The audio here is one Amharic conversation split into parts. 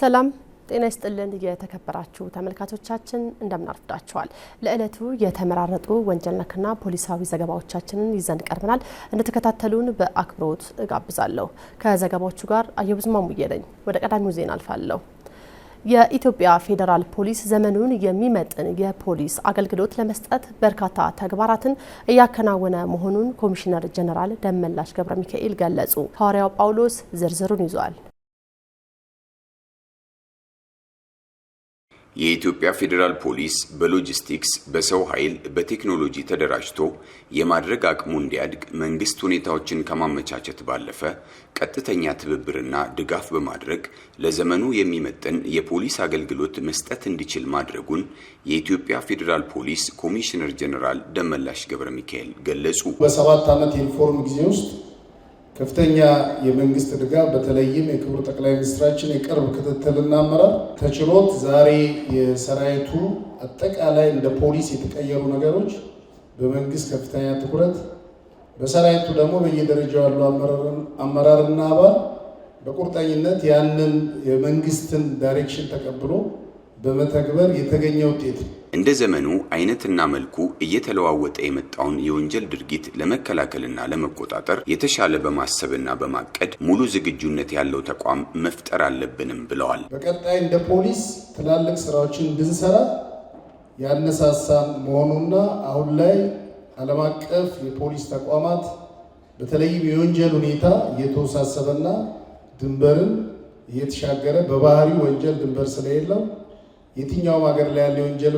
ሰላም ጤና ይስጥልን የተከበራችሁ ተመልካቾቻችን እንደምን ለዕለቱ የተመራረጡ ወንጀል ነክና ፖሊሳዊ ዘገባዎቻችንን ይዘን ቀርበናል። እንደተከታተሉን በአክብሮት እጋብዛለሁ። ከዘገባዎቹ ጋር አየብዝማ ሙየለኝ ወደ ቀዳሚው ዜና አልፋለሁ። የኢትዮጵያ ፌዴራል ፖሊስ ዘመኑን የሚመጥን የፖሊስ አገልግሎት ለመስጠት በርካታ ተግባራትን እያከናወነ መሆኑን ኮሚሽነር ጀነራል ደመላሽ ገብረ ሚካኤል ገለጹ። ሐዋርያው ጳውሎስ ዝርዝሩን ይዟል። የኢትዮጵያ ፌዴራል ፖሊስ በሎጂስቲክስ፣ በሰው ኃይል፣ በቴክኖሎጂ ተደራጅቶ የማድረግ አቅሙ እንዲያድግ መንግስት ሁኔታዎችን ከማመቻቸት ባለፈ ቀጥተኛ ትብብርና ድጋፍ በማድረግ ለዘመኑ የሚመጥን የፖሊስ አገልግሎት መስጠት እንዲችል ማድረጉን የኢትዮጵያ ፌዴራል ፖሊስ ኮሚሽነር ጀኔራል ደመላሽ ገብረ ሚካኤል ገለጹ። በሰባት ዓመት የሪፎርም ጊዜ ውስጥ ከፍተኛ የመንግስት ድጋፍ በተለይም የክቡር ጠቅላይ ሚኒስትራችን የቅርብ ክትትልና አመራር ተችሎት ዛሬ የሰራዊቱ አጠቃላይ እንደ ፖሊስ የተቀየሩ ነገሮች በመንግስት ከፍተኛ ትኩረት፣ በሰራዊቱ ደግሞ በየደረጃው ያሉ አመራርና አባል በቁርጠኝነት ያንን የመንግስትን ዳይሬክሽን ተቀብሎ በመተግበር የተገኘ ውጤት እንደ ዘመኑ አይነትና መልኩ እየተለዋወጠ የመጣውን የወንጀል ድርጊት ለመከላከልና ለመቆጣጠር የተሻለ በማሰብና በማቀድ ሙሉ ዝግጁነት ያለው ተቋም መፍጠር አለብንም ብለዋል። በቀጣይ እንደ ፖሊስ ትላልቅ ስራዎችን እንድንሰራ ያነሳሳን መሆኑና አሁን ላይ ዓለም አቀፍ የፖሊስ ተቋማት በተለይም የወንጀል ሁኔታ እየተወሳሰበና ድንበርን እየተሻገረ በባህሪ ወንጀል ድንበር ስለሌለው የትኛውም ሀገር ላይ ያለ የወንጀል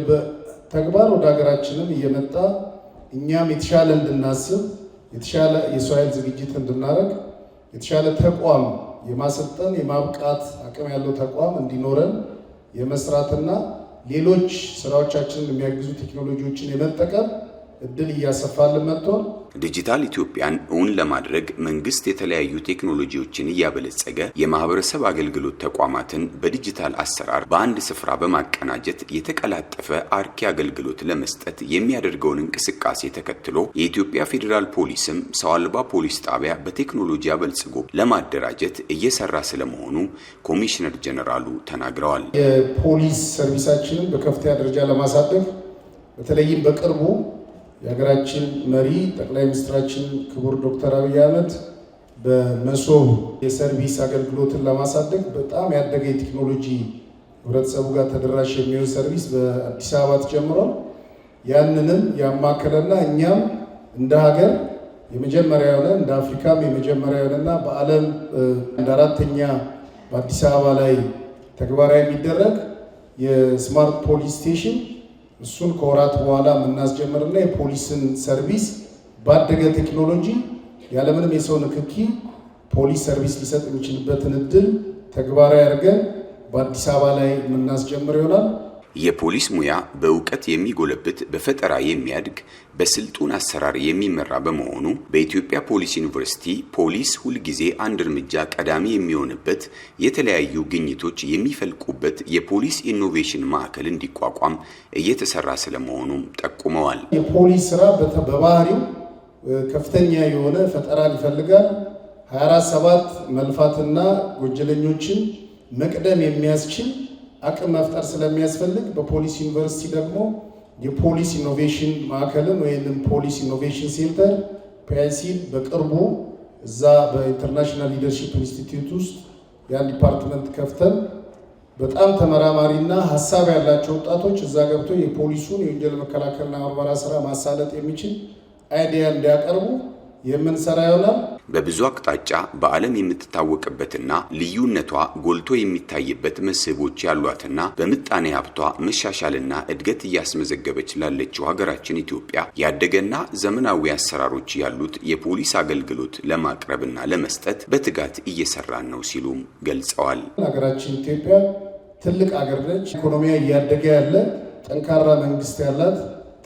ተግባር ወደ ሀገራችንም እየመጣ እኛም የተሻለ እንድናስብ የተሻለ የሰው ኃይል ዝግጅት እንድናደርግ የተሻለ ተቋም የማሰልጠን የማብቃት አቅም ያለው ተቋም እንዲኖረን የመስራትና ሌሎች ስራዎቻችንን የሚያግዙ ቴክኖሎጂዎችን የመጠቀም እድል እያሰፋልን መጥቷል። ዲጂታል ኢትዮጵያን እውን ለማድረግ መንግስት የተለያዩ ቴክኖሎጂዎችን እያበለጸገ የማህበረሰብ አገልግሎት ተቋማትን በዲጂታል አሰራር በአንድ ስፍራ በማቀናጀት የተቀላጠፈ አርኪ አገልግሎት ለመስጠት የሚያደርገውን እንቅስቃሴ ተከትሎ የኢትዮጵያ ፌዴራል ፖሊስም ሰው አልባ ፖሊስ ጣቢያ በቴክኖሎጂ አበልጽጎ ለማደራጀት እየሰራ ስለመሆኑ ኮሚሽነር ጀነራሉ ተናግረዋል። የፖሊስ ሰርቪሳችንን በከፍተኛ ደረጃ ለማሳደግ በተለይም በቅርቡ የሀገራችን መሪ ጠቅላይ ሚኒስትራችን ክቡር ዶክተር አብይ አህመድ በመሶብ የሰርቪስ አገልግሎትን ለማሳደግ በጣም ያደገ የቴክኖሎጂ ህብረተሰቡ ጋር ተደራሽ የሚሆን ሰርቪስ በአዲስ አበባ ተጀምሯል። ያንንም ያማከለና እኛም እንደ ሀገር የመጀመሪያ የሆነ እንደ አፍሪካም የመጀመሪያ የሆነና በዓለም እንደ አራተኛ በአዲስ አበባ ላይ ተግባራዊ የሚደረግ የስማርት ፖሊስ ስቴሽን እሱን ከወራት በኋላ የምናስጀምርና የፖሊስን ሰርቪስ ባደገ ቴክኖሎጂ ያለምንም የሰው ንክኪ ፖሊስ ሰርቪስ ሊሰጥ የሚችልበትን እድል ተግባራዊ አድርገን በአዲስ አበባ ላይ የምናስጀምር ይሆናል። የፖሊስ ሙያ በእውቀት የሚጎለብት በፈጠራ የሚያድግ በስልጡን አሰራር የሚመራ በመሆኑ በኢትዮጵያ ፖሊስ ዩኒቨርሲቲ ፖሊስ ሁልጊዜ አንድ እርምጃ ቀዳሚ የሚሆንበት የተለያዩ ግኝቶች የሚፈልቁበት የፖሊስ ኢኖቬሽን ማዕከል እንዲቋቋም እየተሰራ ስለመሆኑም ጠቁመዋል። የፖሊስ ስራ በባህሪው ከፍተኛ የሆነ ፈጠራን ይፈልጋል። 24 ሰባት መልፋትና ጎጀለኞችን መቅደም የሚያስችል አቅም መፍጠር ስለሚያስፈልግ በፖሊስ ዩኒቨርሲቲ ደግሞ የፖሊስ ኢኖቬሽን ማዕከልን ወይም ፖሊስ ኢኖቬሽን ሴንተር ፒይሲን በቅርቡ እዛ በኢንተርናሽናል ሊደርሺፕ ኢንስቲትዩት ውስጥ ያን ዲፓርትመንት ከፍተን በጣም ተመራማሪና ሀሳብ ያላቸው ወጣቶች እዛ ገብቶ የፖሊሱን የወንጀል መከላከልና ምርመራ ስራ ማሳለጥ የሚችል አይዲያ እንዲያቀርቡ የምንሰራ ይሆናል። በብዙ አቅጣጫ በዓለም የምትታወቅበትና ልዩነቷ ጎልቶ የሚታይበት መስህቦች ያሏትና በምጣኔ ሀብቷ መሻሻልና እድገት እያስመዘገበች ላለችው ሀገራችን ኢትዮጵያ ያደገና ዘመናዊ አሰራሮች ያሉት የፖሊስ አገልግሎት ለማቅረብና ለመስጠት በትጋት እየሰራን ነው ሲሉም ገልጸዋል። ሀገራችን ኢትዮጵያ ትልቅ ሀገር ነች። ኢኮኖሚያ እያደገ ያለ ጠንካራ መንግስት ያላት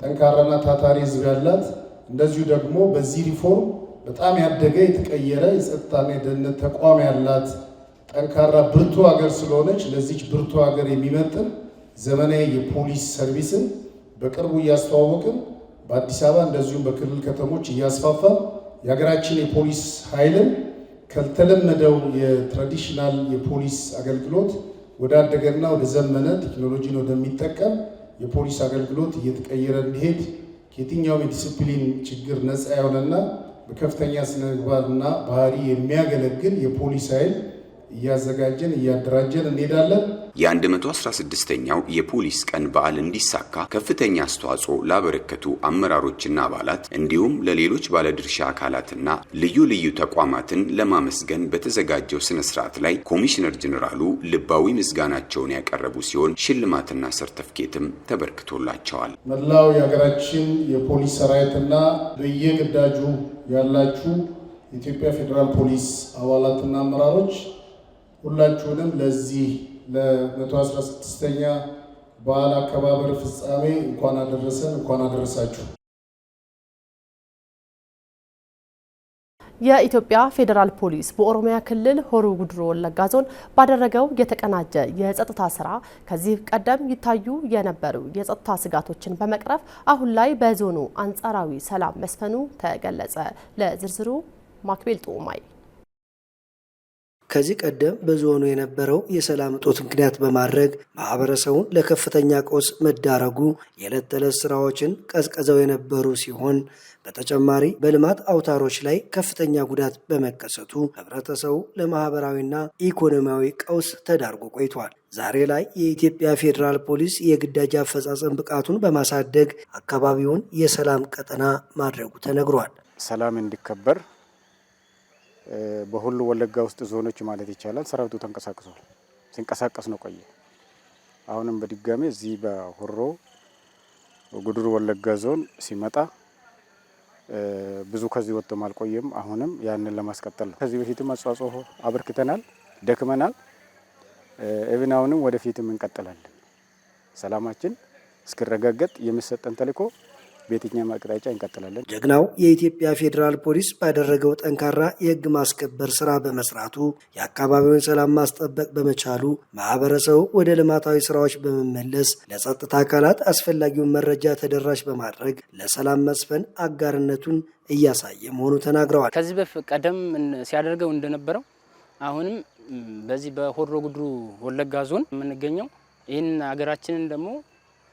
ጠንካራና ታታሪ ህዝብ ያላት እንደዚሁ ደግሞ በዚህ ሪፎርም በጣም ያደገ የተቀየረ የጸጥታና የደህንነት ተቋም ያላት ጠንካራ ብርቱ ሀገር ስለሆነች ለዚች ብርቱ ሀገር የሚመጥን ዘመናዊ የፖሊስ ሰርቪስን በቅርቡ እያስተዋወቅን በአዲስ አበባ እንደዚሁም በክልል ከተሞች እያስፋፋን የሀገራችን የፖሊስ ኃይልን ከተለመደው የትራዲሽናል የፖሊስ አገልግሎት ወደ አደገና ወደ ዘመነ ቴክኖሎጂን ወደሚጠቀም የፖሊስ አገልግሎት እየተቀየረ እንዲሄድ ከየትኛውም የዲስፕሊን ችግር ነፃ የሆነና በከፍተኛ ስነምግባርና ባህሪ የሚያገለግል የፖሊስ ኃይል እያዘጋጀን እያደራጀን እንሄዳለን። የ116ኛው የፖሊስ ቀን በዓል እንዲሳካ ከፍተኛ አስተዋጽኦ ላበረከቱ አመራሮችና አባላት እንዲሁም ለሌሎች ባለድርሻ አካላትና ልዩ ልዩ ተቋማትን ለማመስገን በተዘጋጀው ስነ ስርዓት ላይ ኮሚሽነር ጀኔራሉ ልባዊ ምስጋናቸውን ያቀረቡ ሲሆን ሽልማትና ሰርተፍኬትም ተበርክቶላቸዋል። መላው የሀገራችን የፖሊስ ሰራዊትና በየግዳጁ ያላችሁ የኢትዮጵያ ፌዴራል ፖሊስ አባላትና አመራሮች ሁላችሁንም ለዚህ ለ116ኛ በዓል አከባበር ፍጻሜ እንኳን አደረሰን፣ እንኳን አደረሳችሁ። የኢትዮጵያ ፌዴራል ፖሊስ በኦሮሚያ ክልል ሆሮ ጉድሮ ወለጋ ዞን ባደረገው የተቀናጀ የጸጥታ ስራ ከዚህ ቀደም ይታዩ የነበሩ የጸጥታ ስጋቶችን በመቅረፍ አሁን ላይ በዞኑ አንጻራዊ ሰላም መስፈኑ ተገለጸ። ለዝርዝሩ ማክቤል ጡማይ ከዚህ ቀደም በዞኑ የነበረው የሰላም እጦት ምክንያት በማድረግ ማህበረሰቡን ለከፍተኛ ቀውስ መዳረጉ የዕለት ተዕለት ስራዎችን ቀዝቀዘው የነበሩ ሲሆን በተጨማሪ በልማት አውታሮች ላይ ከፍተኛ ጉዳት በመከሰቱ ህብረተሰቡ ለማህበራዊና ኢኮኖሚያዊ ቀውስ ተዳርጎ ቆይቷል። ዛሬ ላይ የኢትዮጵያ ፌዴራል ፖሊስ የግዳጅ አፈጻጸም ብቃቱን በማሳደግ አካባቢውን የሰላም ቀጠና ማድረጉ ተነግሯል። ሰላም እንዲከበር በሁሉ ወለጋ ውስጥ ዞኖች ማለት ይቻላል ሰራዊቱ ተንቀሳቅሷል። ሲንቀሳቀስ ነው ቆየ። አሁንም በድጋሚ እዚህ በሆሮ ጉድሩ ወለጋ ዞን ሲመጣ ብዙ ከዚህ ወጥቶ አልቆየም። አሁንም ያንን ለማስቀጠል ነው። ከዚህ በፊትም አስተዋጽኦ አበርክተናል፣ ደክመናል። እብን አሁንም ወደፊትም እንቀጥላለን። ሰላማችን እስክረጋገጥ የሚሰጠን ተልዕኮ በየትኛውም አቅጣጫ እንቀጥላለን። ጀግናው የኢትዮጵያ ፌዴራል ፖሊስ ባደረገው ጠንካራ የህግ ማስከበር ስራ በመስራቱ የአካባቢውን ሰላም ማስጠበቅ በመቻሉ ማህበረሰቡ ወደ ልማታዊ ስራዎች በመመለስ ለጸጥታ አካላት አስፈላጊውን መረጃ ተደራሽ በማድረግ ለሰላም መስፈን አጋርነቱን እያሳየ መሆኑ ተናግረዋል። ከዚህ በፊት ቀደም ሲያደርገው እንደነበረው አሁንም በዚህ በሆሮ ጉድሩ ወለጋ ዞን የምንገኘው ይህን ሀገራችንን ደግሞ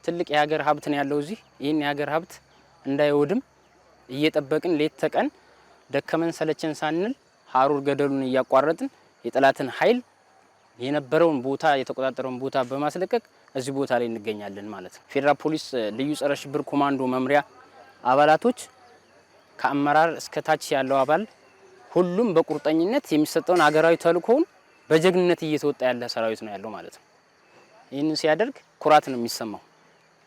ትልቅ የሀገር ሀብት ነው ያለው እዚህ። ይህን የሀገር ሀብት እንዳይወድም እየጠበቅን ሌት ተቀን ደከመን ሰለቸን ሳንል ሀሩር ገደሉን እያቋረጥን የጠላትን ኃይል የነበረውን ቦታ የተቆጣጠረውን ቦታ በማስለቀቅ እዚህ ቦታ ላይ እንገኛለን ማለት ነው። ፌዴራል ፖሊስ ልዩ ጸረ ሽብር ኮማንዶ መምሪያ አባላቶች ከአመራር እስከ ታች ያለው አባል ሁሉም በቁርጠኝነት የሚሰጠውን ሀገራዊ ተልእኮውን በጀግንነት እየተወጣ ያለ ሰራዊት ነው ያለው ማለት ነው። ይህንን ሲያደርግ ኩራት ነው የሚሰማው።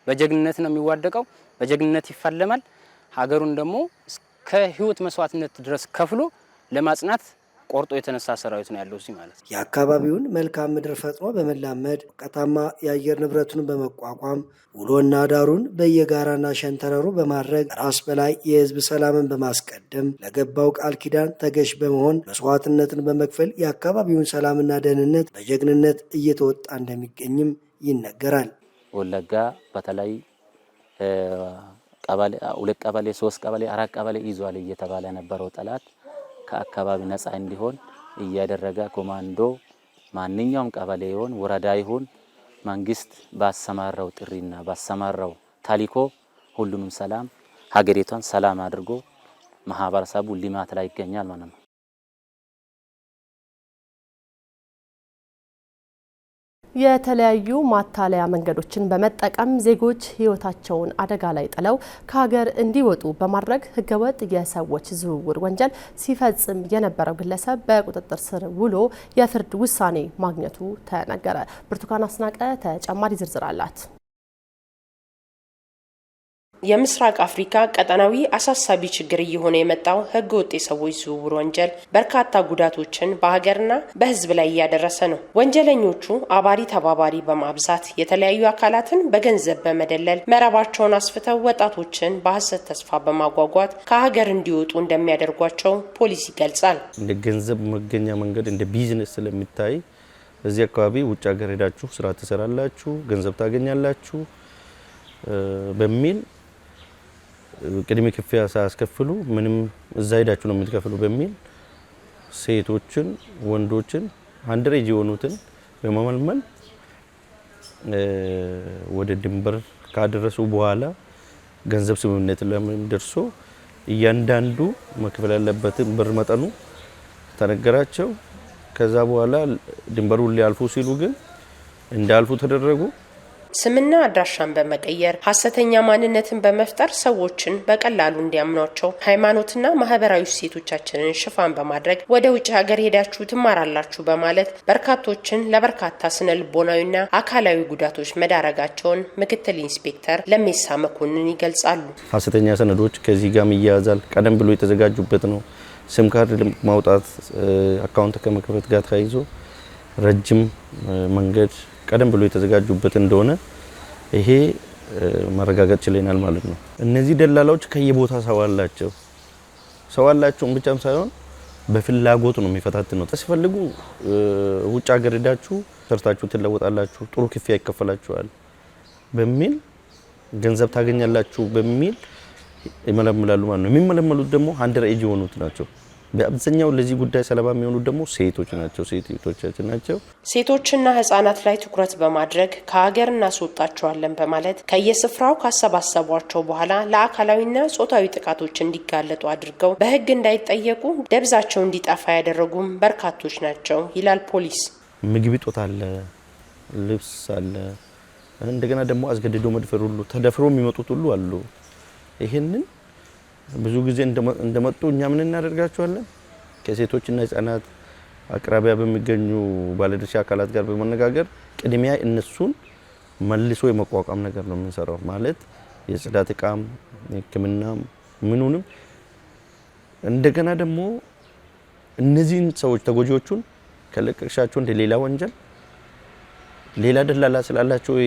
በጀግንነት ነው የሚዋደቀው፣ በጀግንነት ይፋለማል። ሀገሩን ደግሞ እስከ ህይወት መስዋዕትነት ድረስ ከፍሎ ለማጽናት ቆርጦ የተነሳ ሰራዊት ነው ያለው እዚህ ማለት ነው። የአካባቢውን መልካም ምድር ፈጥኖ በመላመድ ሞቃታማ የአየር ንብረቱን በመቋቋም ውሎና ዳሩን በየጋራና ሸንተረሩ በማድረግ ራስ በላይ የህዝብ ሰላምን በማስቀደም ለገባው ቃል ኪዳን ተገዥ በመሆን መስዋዕትነትን በመክፈል የአካባቢውን ሰላምና ደህንነት በጀግንነት እየተወጣ እንደሚገኝም ይነገራል። ወለጋ በተለይ ሁለት ቀበሌ ሶስት ቀበሌ አራት ቀበሌ ይዟል እየተባለ የነበረው ጠላት ከአካባቢ ነፃ እንዲሆን እያደረገ ኮማንዶ ማንኛውም ቀበሌ ይሆን ወረዳ ይሁን መንግስት ባሰማራው ጥሪና ባሰማራው ታሊኮ ሁሉንም ሰላም ሀገሪቷን ሰላም አድርጎ ማህበረሰቡ ልማት ላይ ይገኛል ማለት ነው። የተለያዩ ማታለያ መንገዶችን በመጠቀም ዜጎች ሕይወታቸውን አደጋ ላይ ጥለው ከሀገር እንዲወጡ በማድረግ ሕገወጥ የሰዎች ዝውውር ወንጀል ሲፈጽም የነበረው ግለሰብ በቁጥጥር ስር ውሎ የፍርድ ውሳኔ ማግኘቱ ተነገረ። ብርቱካን አስናቀ ተጨማሪ ዝርዝር አላት። የምስራቅ አፍሪካ ቀጠናዊ አሳሳቢ ችግር እየሆነ የመጣው ህገ ወጥ የሰዎች ዝውውር ወንጀል በርካታ ጉዳቶችን በሀገርና በህዝብ ላይ እያደረሰ ነው። ወንጀለኞቹ አባሪ ተባባሪ በማብዛት የተለያዩ አካላትን በገንዘብ በመደለል መረባቸውን አስፍተው ወጣቶችን በሀሰት ተስፋ በማጓጓት ከሀገር እንዲወጡ እንደሚያደርጓቸው ፖሊስ ይገልጻል። እንደ ገንዘብ መገኛ መንገድ እንደ ቢዝነስ ስለሚታይ እዚህ አካባቢ ውጭ ሀገር ሄዳችሁ ስራ ትሰራላችሁ፣ ገንዘብ ታገኛላችሁ በሚል ቅድሜ ክፍያ ሳያስከፍሉ ምንም እዛ ሄዳችሁ ነው የምትከፍሉ በሚል ሴቶችን፣ ወንዶችን አንድሬጅ የሆኑትን በመመልመል ወደ ድንበር ካደረሱ በኋላ ገንዘብ ስምምነት ለምን ደርሶ እያንዳንዱ መክፈል ያለበትን ብር መጠኑ ተነገራቸው። ከዛ በኋላ ድንበሩን ሊያልፉ ሲሉ ግን እንዳልፉ ተደረጉ። ስምና አድራሻን በመቀየር ሀሰተኛ ማንነትን በመፍጠር ሰዎችን በቀላሉ እንዲያምኗቸው ሃይማኖትና ማህበራዊ እሴቶቻችንን ሽፋን በማድረግ ወደ ውጭ ሀገር ሄዳችሁ ትማራላችሁ በማለት በርካቶችን ለበርካታ ስነ ልቦናዊና አካላዊ ጉዳቶች መዳረጋቸውን ምክትል ኢንስፔክተር ለሜሳ መኮንን ይገልጻሉ። ሀሰተኛ ሰነዶች ከዚህ ጋር ይያያዛል። ቀደም ብሎ የተዘጋጁበት ነው። ስም ካርድ ማውጣት አካውንት ከመክፈት ጋር ተያይዞ ረጅም መንገድ ቀደም ብሎ የተዘጋጁበት እንደሆነ ይሄ ማረጋገጥ ችለናል ማለት ነው። እነዚህ ደላላዎች ከየቦታ ሰው አላቸው። ሰው አላቸውም ብቻም ሳይሆን በፍላጎት ነው የሚፈታትኑት። ሲፈልጉ ውጭ ሀገር ሄዳችሁ ሰርታችሁ ትለወጣላችሁ፣ ጥሩ ክፍያ ይከፈላችኋል በሚል ገንዘብ ታገኛላችሁ በሚል ይመለምላሉ ማለት ነው። የሚመለመሉት ደግሞ አንደር ኤጅ የሆኑት ናቸው። በአብዛኛው ለዚህ ጉዳይ ሰለባ የሚሆኑት ደግሞ ሴቶች ናቸው፣ ሴቶቻችን ናቸው። ሴቶችና ህጻናት ላይ ትኩረት በማድረግ ከሀገር እናስወጣቸዋለን በማለት ከየስፍራው ካሰባሰቧቸው በኋላ ለአካላዊና ጾታዊ ጥቃቶች እንዲጋለጡ አድርገው በህግ እንዳይጠየቁ ደብዛቸው እንዲጠፋ ያደረጉም በርካቶች ናቸው ይላል ፖሊስ። ምግብ እጦት አለ፣ ልብስ አለ፣ እንደገና ደግሞ አስገድዶ መድፈር ሁሉ ተደፍሮ የሚመጡት ሁሉ አሉ። ይህንን ብዙ ጊዜ እንደመጡ እኛ ምን እናደርጋቸዋለን? ከሴቶችና ህጻናት አቅራቢያ በሚገኙ ባለድርሻ አካላት ጋር በመነጋገር ቅድሚያ እነሱን መልሶ የመቋቋም ነገር ነው የምንሰራው። ማለት የጽዳት እቃም ሕክምናም ምኑንም እንደገና ደግሞ እነዚህን ሰዎች ተጎጂዎቹን ከለቀቅሻቸው እንደ ሌላ ወንጀል ሌላ ደላላ ስላላቸው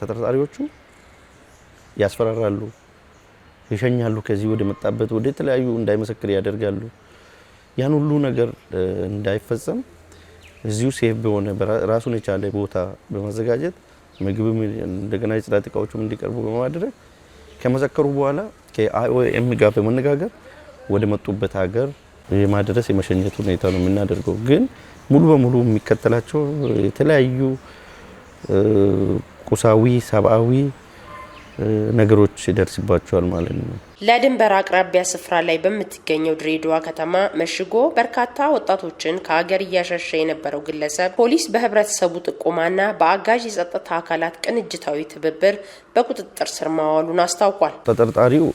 ተጠርጣሪዎቹ ያስፈራራሉ። ይሸኛሉ፣ ከዚህ ወደ መጣበት ወደ ተለያዩ እንዳይመሰክር ያደርጋሉ። ያን ሁሉ ነገር እንዳይፈጸም እዚሁ ሴፍ በሆነ ራሱን የቻለ ቦታ በማዘጋጀት ምግብም እንደገና የጽዳት እቃዎችም እንዲቀርቡ በማድረግ ከመሰከሩ በኋላ ከአይኦኤም ጋር በመነጋገር ወደ መጡበት ሀገር የማድረስ የመሸኘት ሁኔታ ነው የምናደርገው። ግን ሙሉ በሙሉ የሚከተላቸው የተለያዩ ቁሳዊ ሰብአዊ ነገሮች ይደርስባቸዋል ማለት ነው። ለድንበር አቅራቢያ ስፍራ ላይ በምትገኘው ድሬዳዋ ከተማ መሽጎ በርካታ ወጣቶችን ከሀገር እያሸሸ የነበረው ግለሰብ ፖሊስ በህብረተሰቡ ጥቆማና በአጋዥ የጸጥታ አካላት ቅንጅታዊ ትብብር በቁጥጥር ስር ማዋሉን አስታውቋል። ተጠርጣሪው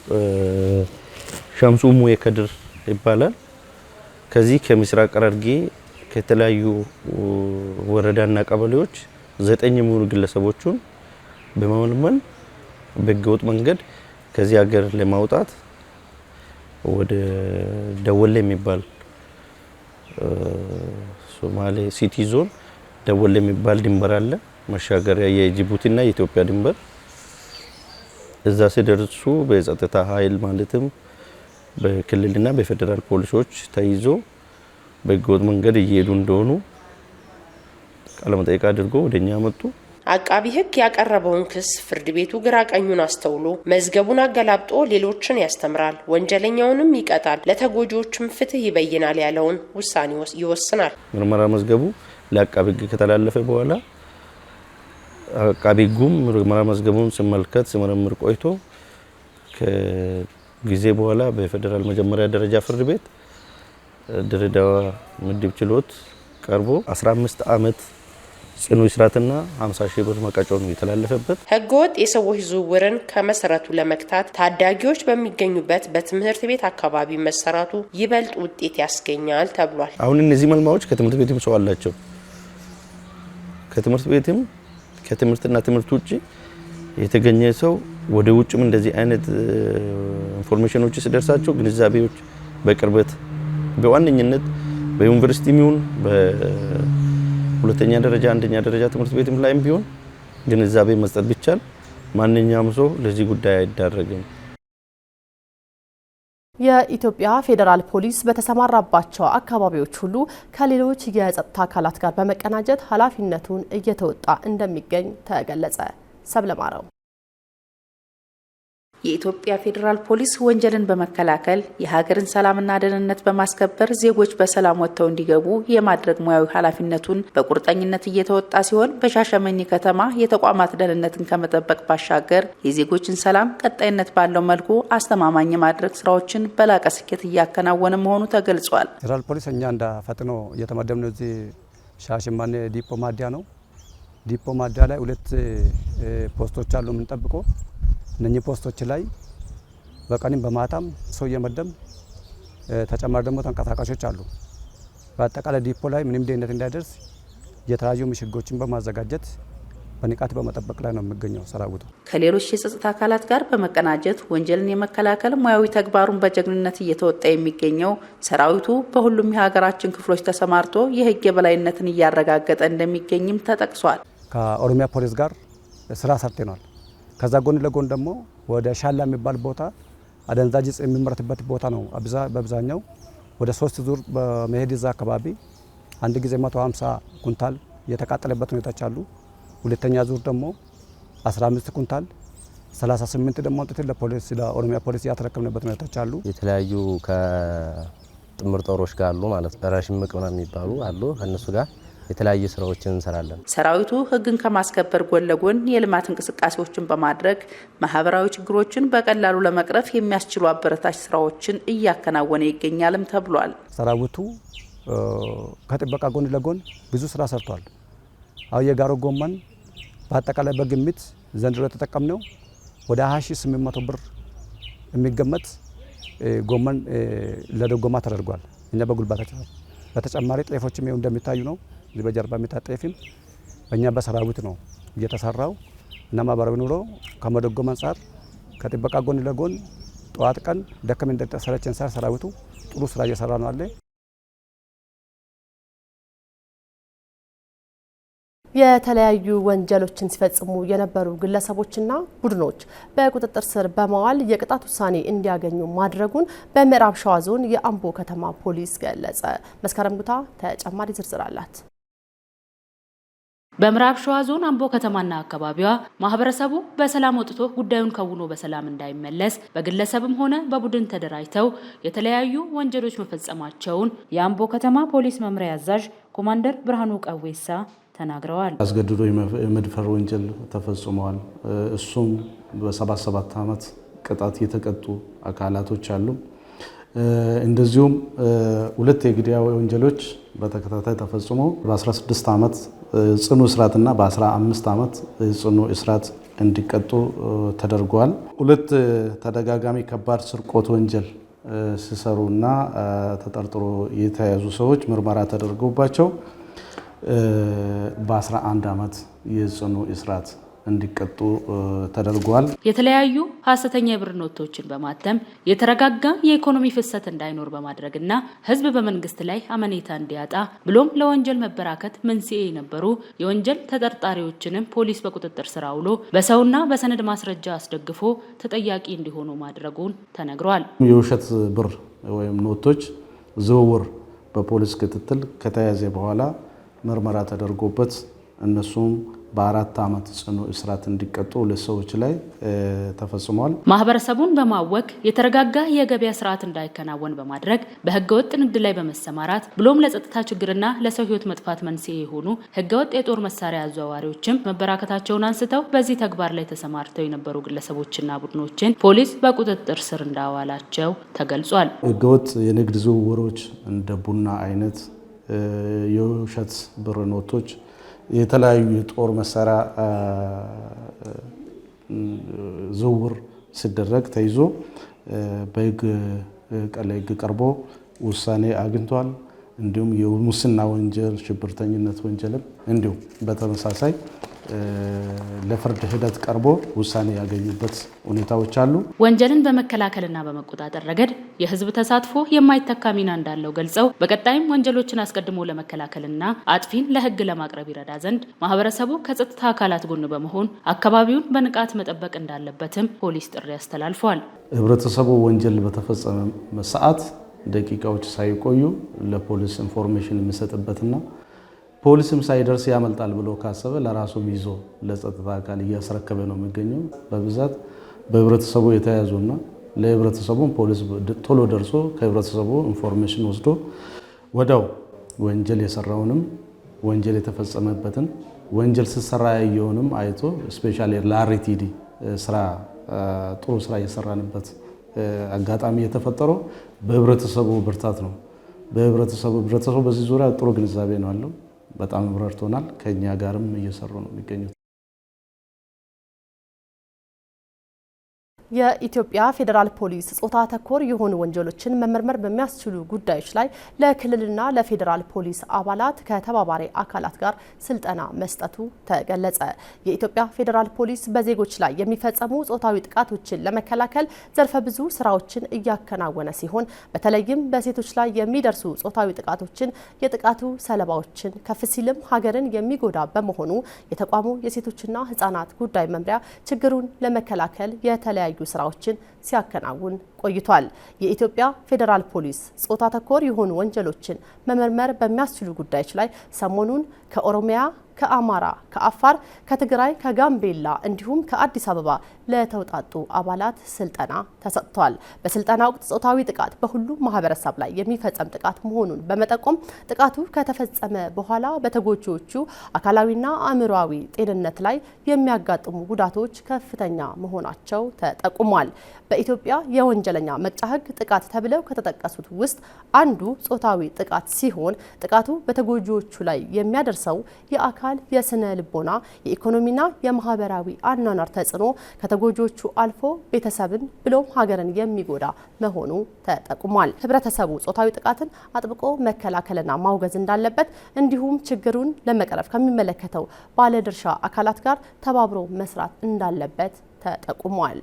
ሸምሱ ሙዬ ከድር ይባላል። ከዚህ ከምስራቅ ሐረርጌ ከተለያዩ ወረዳና ቀበሌዎች ዘጠኝ የሚሆኑ ግለሰቦቹን በመመልመል በህገወጥ መንገድ ከዚህ ሀገር ለማውጣት ወደ ደወሌ የሚባል ሶማሌ ሲቲ ዞን ደወል የሚባል ድንበር አለ፣ መሻገሪያ የጅቡቲና የኢትዮጵያ ድንበር። እዛ ሲደርሱ በጸጥታ ኃይል ማለትም በክልልና በፌዴራል ፖሊሶች ተይዞ በህገወጥ መንገድ እየሄዱ እንደሆኑ ቃለመጠይቅ አድርጎ ወደኛ መጡ። አቃቢ ህግ ያቀረበውን ክስ ፍርድ ቤቱ ግራ ቀኙን አስተውሎ መዝገቡን አገላብጦ ሌሎችን ያስተምራል፣ ወንጀለኛውንም ይቀጣል፣ ለተጎጂዎችም ፍትህ ይበይናል ያለውን ውሳኔ ይወስናል። ምርመራ መዝገቡ ለአቃቢ ህግ ከተላለፈ በኋላ አቃቢ ህጉም ምርመራ መዝገቡን ሲመልከት ሲመረምር ቆይቶ ከጊዜ በኋላ በፌዴራል መጀመሪያ ደረጃ ፍርድ ቤት ድሬዳዋ ምድብ ችሎት ቀርቦ 15 ዓመት ጽኑ እስራትና 50 ሺህ ብር መቀጮ ነው የተላለፈበት። ህገወጥ የሰዎች ዝውውርን ከመሰረቱ ለመግታት ታዳጊዎች በሚገኙበት በትምህርት ቤት አካባቢ መሰራቱ ይበልጥ ውጤት ያስገኛል ተብሏል። አሁን እነዚህ መልማዎች ከትምህርት ቤትም ሰው አላቸው። ከትምህርት ቤትም ከትምህርትና ትምህርት ውጭ የተገኘ ሰው ወደ ውጭም እንደዚህ አይነት ኢንፎርሜሽኖች ሲደርሳቸው ግንዛቤዎች በቅርበት በዋነኝነት በዩኒቨርሲቲ ሚሆን ሁለተኛ ደረጃ አንደኛ ደረጃ ትምህርት ቤትም ላይም ቢሆን ግንዛቤ መስጠት ቢቻል ማንኛውም ሰው ለዚህ ጉዳይ አይዳረግም። የኢትዮጵያ ፌዴራል ፖሊስ በተሰማራባቸው አካባቢዎች ሁሉ ከሌሎች የጸጥታ አካላት ጋር በመቀናጀት ኃላፊነቱን እየተወጣ እንደሚገኝ ተገለጸ። ሰብለማረው የኢትዮጵያ ፌዴራል ፖሊስ ወንጀልን በመከላከል የሀገርን ሰላምና ደህንነት በማስከበር ዜጎች በሰላም ወጥተው እንዲገቡ የማድረግ ሙያዊ ኃላፊነቱን በቁርጠኝነት እየተወጣ ሲሆን በሻሸመኔ ከተማ የተቋማት ደህንነትን ከመጠበቅ ባሻገር የዜጎችን ሰላም ቀጣይነት ባለው መልኩ አስተማማኝ የማድረግ ስራዎችን በላቀ ስኬት እያከናወነ መሆኑ ተገልጿል። ፌዴራል ፖሊስ እኛ እንደ ፈጥኖ እየተመደብነው እዚህ ሻሸመኔ ዲፖ ማዲያ ነው። ዲፖ ማዲያ ላይ ሁለት ፖስቶች አሉ የምንጠብቀው እነኚህ ፖስቶች ላይ በቀንም በማታም ሰው እየመደም ተጨማሪ ደግሞ ተንቀሳቃሾች አሉ። በአጠቃላይ ዲፖ ላይ ምንም ደህንነት እንዳይደርስ የተለያዩ ምሽጎችን በማዘጋጀት በንቃት በመጠበቅ ላይ ነው የሚገኘው ሰራዊቱ። ከሌሎች የጸጥታ አካላት ጋር በመቀናጀት ወንጀልን የመከላከል ሙያዊ ተግባሩን በጀግንነት እየተወጣ የሚገኘው ሰራዊቱ በሁሉም የሀገራችን ክፍሎች ተሰማርቶ የህግ የበላይነትን እያረጋገጠ እንደሚገኝም ተጠቅሷል። ከኦሮሚያ ፖሊስ ጋር ስራ ሰርተናል። ከዛ ጎን ለጎን ደግሞ ወደ ሻላ የሚባል ቦታ አደንዛዥ ዕፅ የሚመረትበት ቦታ ነው። በአብዛኛው ወደ ሶስት ዙር በመሄድ እዛ አካባቢ አንድ ጊዜ 150 ኩንታል የተቃጠለበት ሁኔታዎች አሉ። ሁለተኛ ዙር ደግሞ 15 ኩንታል 38 ደግሞ ጥት ለፖሊስ ለኦሮሚያ ፖሊስ ያተረከምንበት ሁኔታዎች አሉ። የተለያዩ ከጥምር ጦሮች ጋር አሉ ማለት ረሽምቅ ምናምን የሚባሉ አሉ ከእነሱ ጋር የተለያዩ ስራዎችን እንሰራለን። ሰራዊቱ ህግን ከማስከበር ጎን ለጎን የልማት እንቅስቃሴዎችን በማድረግ ማህበራዊ ችግሮችን በቀላሉ ለመቅረፍ የሚያስችሉ አበረታች ስራዎችን እያከናወነ ይገኛልም ተብሏል። ሰራዊቱ ከጥበቃ ጎን ለጎን ብዙ ስራ ሰርቷል። አሁ የጋሮ ጎመን በአጠቃላይ በግምት ዘንድሮ የተጠቀምነው ወደ 2800 ብር የሚገመት ጎመን ለደጎማ ተደርጓል። እኛ በጉልባታችን በተጨማሪ ጤፎችም እንደሚታዩ ነው። እዚህ በጀርባ የሚታጠፍም በእኛ በሰራዊት ነው እየተሰራው እና ማህበራዊ ኑሮ ከመደጎ አንጻር ከጥበቃ ጎን ለጎን ጠዋት ቀን ደከመኝ ሰለቸኝ ሳይል ሰራዊቱ ጥሩ ስራ እየሰራ ነው አለ። የተለያዩ ወንጀሎችን ሲፈጽሙ የነበሩ ግለሰቦችና ቡድኖች በቁጥጥር ስር በመዋል የቅጣት ውሳኔ እንዲያገኙ ማድረጉን በምዕራብ ሸዋ ዞን የአምቦ ከተማ ፖሊስ ገለጸ። መስከረም ጉታ ተጨማሪ ዝርዝር አላት። በምዕራብ ሸዋ ዞን አምቦ ከተማና አካባቢዋ ማህበረሰቡ በሰላም ወጥቶ ጉዳዩን ከውኖ በሰላም እንዳይመለስ በግለሰብም ሆነ በቡድን ተደራጅተው የተለያዩ ወንጀሎች መፈጸማቸውን የአምቦ ከተማ ፖሊስ መምሪያ አዛዥ ኮማንደር ብርሃኑ ቀዌሳ ተናግረዋል። አስገድዶ የመድፈር ወንጀል ተፈጽመዋል። እሱም በሰባት ሰባት ዓመት ቅጣት የተቀጡ አካላቶች አሉ። እንደዚሁም ሁለት የግድያ ወንጀሎች በተከታታይ ተፈጽሞ በ16 ዓመት ጽኑ እስራትና በ15 ዓመት ጽኑ እስራት እንዲቀጡ ተደርጓል። ሁለት ተደጋጋሚ ከባድ ስርቆት ወንጀል ሲሰሩና ተጠርጥሮ የተያዙ ሰዎች ምርመራ ተደርጎባቸው በ11 ዓመት የጽኑ እስራት እንዲቀጡ ተደርጓል። የተለያዩ ሀሰተኛ የብር ኖቶችን በማተም የተረጋጋ የኢኮኖሚ ፍሰት እንዳይኖር በማድረግና ሕዝብ በመንግስት ላይ አመኔታ እንዲያጣ ብሎም ለወንጀል መበራከት መንስኤ የነበሩ የወንጀል ተጠርጣሪዎችንም ፖሊስ በቁጥጥር ስር አውሎ በሰውና በሰነድ ማስረጃ አስደግፎ ተጠያቂ እንዲሆኑ ማድረጉን ተነግሯል። የውሸት ብር ወይም ኖቶች ዝውውር በፖሊስ ክትትል ከተያዘ በኋላ ምርመራ ተደርጎበት እነሱም በአራት ዓመት ጽኑ እስራት እንዲቀጡ ሁለት ሰዎች ላይ ተፈጽሟል። ማህበረሰቡን በማወክ የተረጋጋ የገበያ ስርዓት እንዳይከናወን በማድረግ በህገወጥ ንግድ ላይ በመሰማራት ብሎም ለጸጥታ ችግርና ለሰው ህይወት መጥፋት መንስኤ የሆኑ ህገወጥ የጦር መሳሪያ አዘዋዋሪዎችም መበራከታቸውን አንስተው በዚህ ተግባር ላይ ተሰማርተው የነበሩ ግለሰቦችና ቡድኖችን ፖሊስ በቁጥጥር ስር እንዳዋላቸው ተገልጿል። ህገወጥ የንግድ ዝውውሮች እንደ ቡና አይነት የውሸት ብር ኖቶች የተለያዩ የጦር መሳሪያ ዝውውር ሲደረግ ተይዞ በህግ ቀላይ ህግ ቀርቦ ውሳኔ አግኝቷል። እንዲሁም የሙስና ወንጀል፣ ሽብርተኝነት ወንጀልም እንዲሁም በተመሳሳይ ለፍርድ ሂደት ቀርቦ ውሳኔ ያገኙበት ሁኔታዎች አሉ። ወንጀልን በመከላከልና በመቆጣጠር ረገድ የህዝብ ተሳትፎ የማይተካ ሚና እንዳለው ገልጸው በቀጣይም ወንጀሎችን አስቀድሞ ለመከላከልና አጥፊን ለህግ ለማቅረብ ይረዳ ዘንድ ማህበረሰቡ ከጸጥታ አካላት ጎን በመሆን አካባቢውን በንቃት መጠበቅ እንዳለበትም ፖሊስ ጥሪ አስተላልፏል። ህብረተሰቡ ወንጀል በተፈጸመ ሰዓት ደቂቃዎች ሳይቆዩ ለፖሊስ ኢንፎርሜሽን የሚሰጥበትና ፖሊስም ሳይደርስ ያመልጣል ብሎ ካሰበ ለራሱም ይዞ ለጸጥታ አካል እያስረከበ ነው የሚገኘው። በብዛት በህብረተሰቡ የተያዙና ለህብረተሰቡ ፖሊስ ቶሎ ደርሶ ከህብረተሰቡ ኢንፎርሜሽን ወስዶ ወዲያው ወንጀል የሰራውንም ወንጀል የተፈጸመበትን ወንጀል ስሰራ ያየውንም አይቶ ስፔሻሊ ለአርቲዲ ስራ ጥሩ ስራ የሰራንበት አጋጣሚ የተፈጠረው በህብረተሰቡ ብርታት ነው። በህብረተሰቡ ህብረተሰቡ በዚህ ዙሪያ ጥሩ ግንዛቤ ነው አለው። በጣም ረድቶናል። ከእኛ ጋርም እየሰሩ ነው የሚገኙት። የኢትዮጵያ ፌዴራል ፖሊስ ጾታ ተኮር የሆኑ ወንጀሎችን መመርመር በሚያስችሉ ጉዳዮች ላይ ለክልልና ለፌዴራል ፖሊስ አባላት ከተባባሪ አካላት ጋር ስልጠና መስጠቱ ተገለጸ። የኢትዮጵያ ፌዴራል ፖሊስ በዜጎች ላይ የሚፈጸሙ ጾታዊ ጥቃቶችን ለመከላከል ዘርፈ ብዙ ስራዎችን እያከናወነ ሲሆን በተለይም በሴቶች ላይ የሚደርሱ ጾታዊ ጥቃቶችን የጥቃቱ ሰለባዎችን ከፍ ሲልም ሀገርን የሚጎዳ በመሆኑ የተቋሙ የሴቶችና ህጻናት ጉዳይ መምሪያ ችግሩን ለመከላከል የተለያዩ የተለያዩ ስራዎችን ሲያከናውን ቆይቷል። የኢትዮጵያ ፌዴራል ፖሊስ ጾታ ተኮር የሆኑ ወንጀሎችን መመርመር በሚያስችሉ ጉዳዮች ላይ ሰሞኑን ከኦሮሚያ ከአማራ፣ ከአፋር፣ ከትግራይ፣ ከጋምቤላ እንዲሁም ከአዲስ አበባ ለተውጣጡ አባላት ስልጠና ተሰጥቷል። በስልጠና ወቅት ጾታዊ ጥቃት በሁሉም ማህበረሰብ ላይ የሚፈጸም ጥቃት መሆኑን በመጠቆም ጥቃቱ ከተፈጸመ በኋላ በተጎጂዎቹ አካላዊና አእምሯዊ ጤንነት ላይ የሚያጋጥሙ ጉዳቶች ከፍተኛ መሆናቸው ተጠቁሟል። በኢትዮጵያ የወንጀለኛ መቅጫ ሕግ ጥቃት ተብለው ከተጠቀሱት ውስጥ አንዱ ጾታዊ ጥቃት ሲሆን ጥቃቱ በተጎጂዎቹ ላይ የሚያደርሰው የአካል የአካል የስነ ልቦና የኢኮኖሚና የማህበራዊ አኗኗር ተጽዕኖ ከተጎጂዎቹ አልፎ ቤተሰብን ብሎም ሀገርን የሚጎዳ መሆኑ ተጠቁሟል። ህብረተሰቡ ጾታዊ ጥቃትን አጥብቆ መከላከልና ማውገዝ እንዳለበት እንዲሁም ችግሩን ለመቅረፍ ከሚመለከተው ባለድርሻ አካላት ጋር ተባብሮ መስራት እንዳለበት ተጠቁሟል።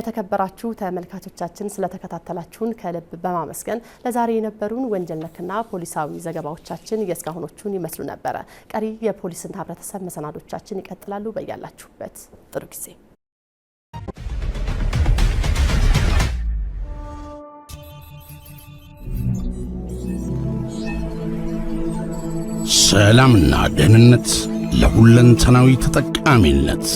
የተከበራችሁ ተመልካቾቻችን ስለተከታተላችሁን ከልብ በማመስገን ለዛሬ የነበሩን ወንጀል ነክና ፖሊሳዊ ዘገባዎቻችን የእስካሁኖቹን ይመስሉ ነበረ። ቀሪ የፖሊስና ህብረተሰብ መሰናዶቻችን ይቀጥላሉ። በያላችሁበት ጥሩ ጊዜ ሰላምና ደህንነት ለሁለንተናዊ ተጠቃሚነት